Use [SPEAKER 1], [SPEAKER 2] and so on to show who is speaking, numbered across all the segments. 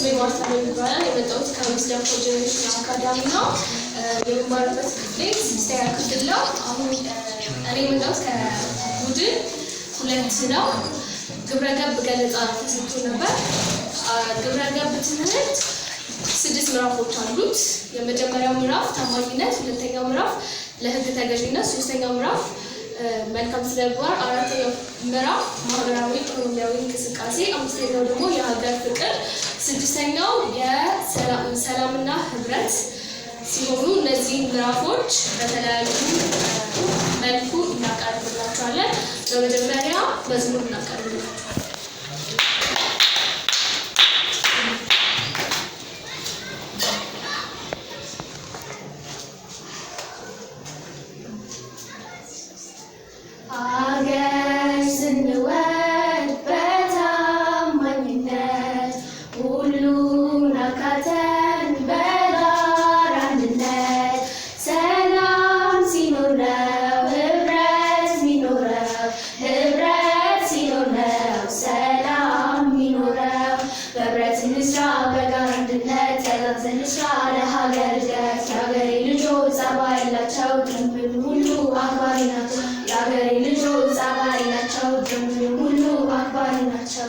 [SPEAKER 1] ስሜ ማርታ ነው ይባላል። የመጣሁት ከምስዳ ኮጀኔሬሽን አካዳሚ ነው። የምማርበት ክፍሌ ስድስተኛ ክፍል ነው። አሁን እኔ የመጣሁት ከቡድን ሁለት ነው። ግብረገብ ገለጻ ተሰጥቶ ነበር። ግብረገብ ትምህርት ስድስት ምዕራፎች አሉት። የመጀመሪያው ምዕራፍ ታማኝነት፣ ሁለተኛው ምዕራፍ ለህግ ተገዥነት፣ ሶስተኛው ምዕራፍ መልካም ስነ አራተኛው ምዕራፍ ማህበራዊ ኢኮኖሚያዊ እንቅስቃሴ፣ አምስተኛው ደግሞ የሀገር ፍቅር፣ ስድስተኛው የሰላምና ህብረት ሲሆኑ እነዚህ ምዕራፎች በተለያዩ መልኩ እናቀርብላቸዋለን። በመጀመሪያ መዝሙር እናቀርብ
[SPEAKER 2] የተሻለ ሀገር ደስ የሀገሬ ልጆ ጸባይ ያላቸው ድንብን ሁሉ አክባሪ ናቸው። የሀገሬ ልጆች ጸባይ ያላቸው ድንብን ሁሉ አክባሪ ናቸው።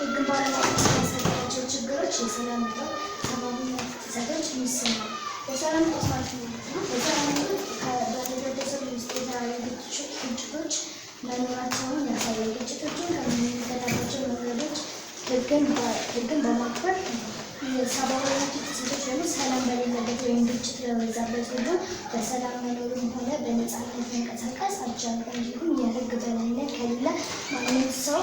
[SPEAKER 1] የግንባር ችግሮች የሰላም እጦት ሰብአዊነት የሰላም እጦት ነው። የሰላም እጦት በተደረሰብ ግጭቶች መኖራቸውን ያሳያል። ግጭቶችን ከምንፈታባቸው መንገዶች ህግን በማክበር ሰብአዊነት ሰላም በሌለበት ወይም ግጭት በበዛበት ሁሉ በሰላም መኖርም ሆነ በነፃነት መንቀሳቀስ አልቻልም። እንዲሁም የህግ በላይነት ከሌለ ማንም ሰው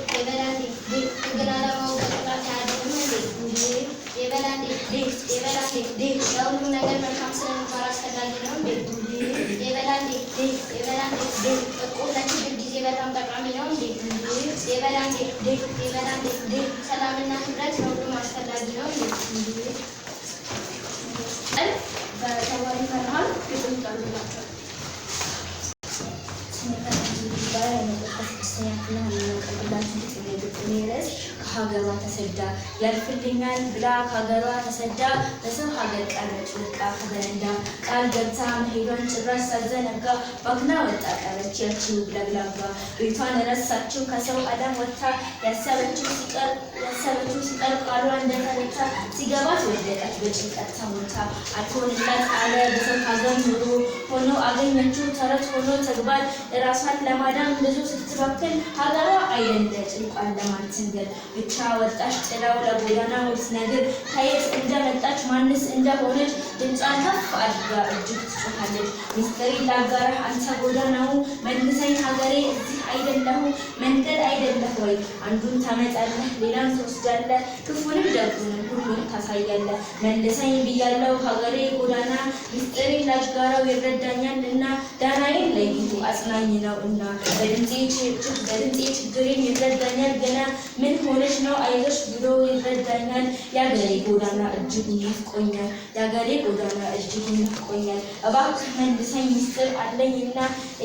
[SPEAKER 2] ቤት የበላ ቤት ለሁሉም ነገር መልካም ስለሚባል ሰላምና ህብረት ለሁሉም አስፈላጊ ነው።
[SPEAKER 1] በተባሪ ፈርሃል ግጥም ቀርብላቸው ከሀገሯ ተሰዳ ያልፍልኛል ብላ ከሀገሯ ተሰዳ በሰው ሀገር ቀረች ወድቃ ከበረንዳ ቃል ገብታ መሄዷን ጭራሽ ሳዘነጋ ባክና ወጣ ቀረች ያችው ብለግላባ ቤቷን ረሳችው ከሰው አዳም ወጥታ ያሰበችው ሲቀር ቃሏ እንደ ሲገባት ወደቀች፣ በጭንቀት ተሞልታ። አልሆንላት አለ ሀገር ኑሮ ሆኖ አገኘችው ተረት ሆኖ ተግባር። ራሷን ለማዳን ብዙ ስትባክል ሀገሯ አይደለ ጭንቋን ለማትንገር ብቻ ወጣች ጥላው ለጎዳና ነግር ከየት እንደመጣች ማንስ እንደሆነች ድምጿን ከፍ አድርጋ እጅግ ትጮኻለች። ሚስጥሪ ላጋራህ አንተ ጎዳናው መልሰኝ ሀገሬ እዚህ አይደለሁ መንገድ አይደለህ ወይ? አንዱን ታመጣለህ፣ ሌላን ትወስዳለህ፣ ክፉንም ደጉንም ሁሉን ታሳያለህ። መልሰኝ ብያለሁ ሀገሬ ጎዳና፣ ምስጢሬን ላጋራው እና ዳናዬን ለይቱ አጽናኝ ነው እና በድምፄ ችግሬን ይረዳኛል ገና። ምን ሆነች ነው አይዞሽ ብሎ ይረዳኛል። የአገሬ ጎዳና እጅግ ይፍቆኛል፣ የአገሬ ጎዳና እጅግ ይፍቆኛል። እባክህ መልሰኝ ምስጢር አለኝና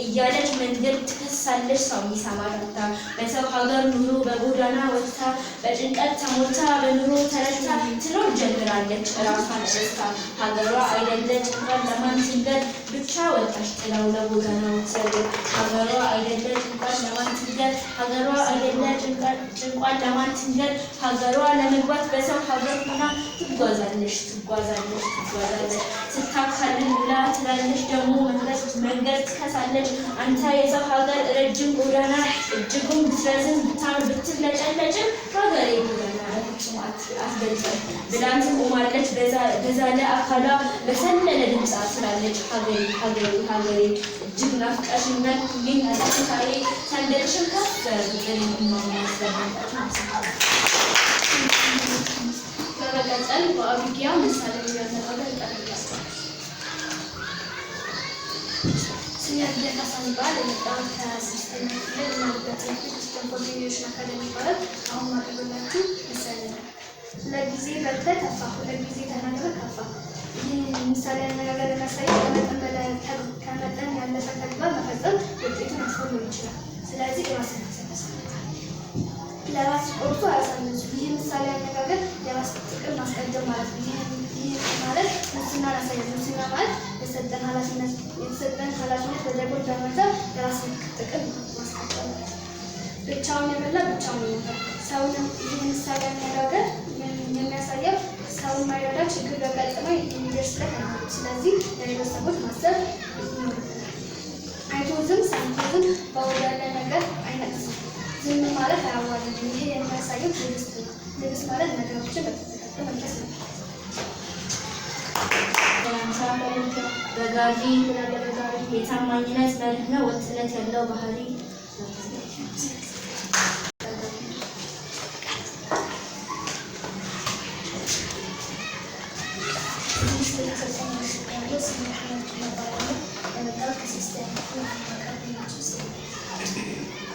[SPEAKER 1] እያለች መንገድ ትከሳለች የሚሰማ ጠፍታ በሰው ሀገር ኑሮ በጎዳና ወጥታ በጭንቀት ተሞልታ በኑሮ ተረታ ትኖር ጀምራለች ራሷን ደስታ ሀገሯ አይደለ እንኳን ለማን ትንገድ ብቻ ወጣች ጥላው ለጎዳና ወት ሀገሯ አይደለ ጭንቋን ለማን ትንጀር ሀገሯ አይደለ ጭንቋን ለማን ትንጀር ሀገሯ ለመግባት በሰው ሀገር ሆና ትጓዛለሽ ትጓዛለሽ ትጓዛለሽ ስታካልን ብላ ትላለሽ ደግሞ መንገድ መንገድ ትከሳለች። አንተ የሰው ሀገር ረጅም ጎዳና እጅጉን ብትረዝም ብታም ብትለጨለጭም ሀገሬ ጎዳና ረጅም አትገልጸም ብላ ትቆማለች። በዛለ አካሏ በሰለለ ድምፅ ትላለች ሀገሬ ሀገሬ ሀገሬ እጅግ ናፍቀሽኛል ይህ በመቀጠል በአቢጊያ ምሳሌ የሚያዘጋገር ጠቅያስል ስያደጋ ሳንባል የመጣን ከስድስተኛ ክፍል እናንበትን ስፖርት አካዳሚ ማለት አሁን ማቅርብላችሁ ምሳሌ ነው። ለጊዜ በልተህ ተፋ፣ ለጊዜ ተናግረህ ተፋ። ይህ ምሳሌ አነጋገር ለማሳየት ከመጠን ያለፈ ተግባር መፈጸም ውጤቱን አስመም ይችላል። ስለዚህ ራስን ያሰነስነታል። ለራስ ቆርቶ አያሳንሱ። ይህ ምሳሌ አነጋገር የራስ ጥቅም ማስቀደም ማለት ነው። ይህ ማለት ሙስና ያሳያል። ሙስና ማለት የተሰጠን ኃላፊነት የተሰጠን ኃላፊነት በደጎ ዳመተ ለራስ ጥቅም ማስቀደም ማለት ነው። ብቻውን የበላ ብቻውን ይሞታል። ሰውን ይህ ምሳሌ አነጋገር የሚያሳየው ሰውን ማይረዳ ችግር በቀጥማ የሚደርስለት ነው። ስለዚህ ለሌሎች ሰዎች ማሰብ አይቶትም ሰምቶትም በወዳለ ነገር አይነቅስም። ዝም ማለት አያዋልም። ይሄ የሚያሳየው ትዕግስት ነው። ትዕግስት ማለት ነገሮችን በተጠቀ መድረስ ነው። በጋሪ የታማኝነት መርህ ነው። ወጥነት ያለው ባህሪ Thank and the Coke is including the Coke is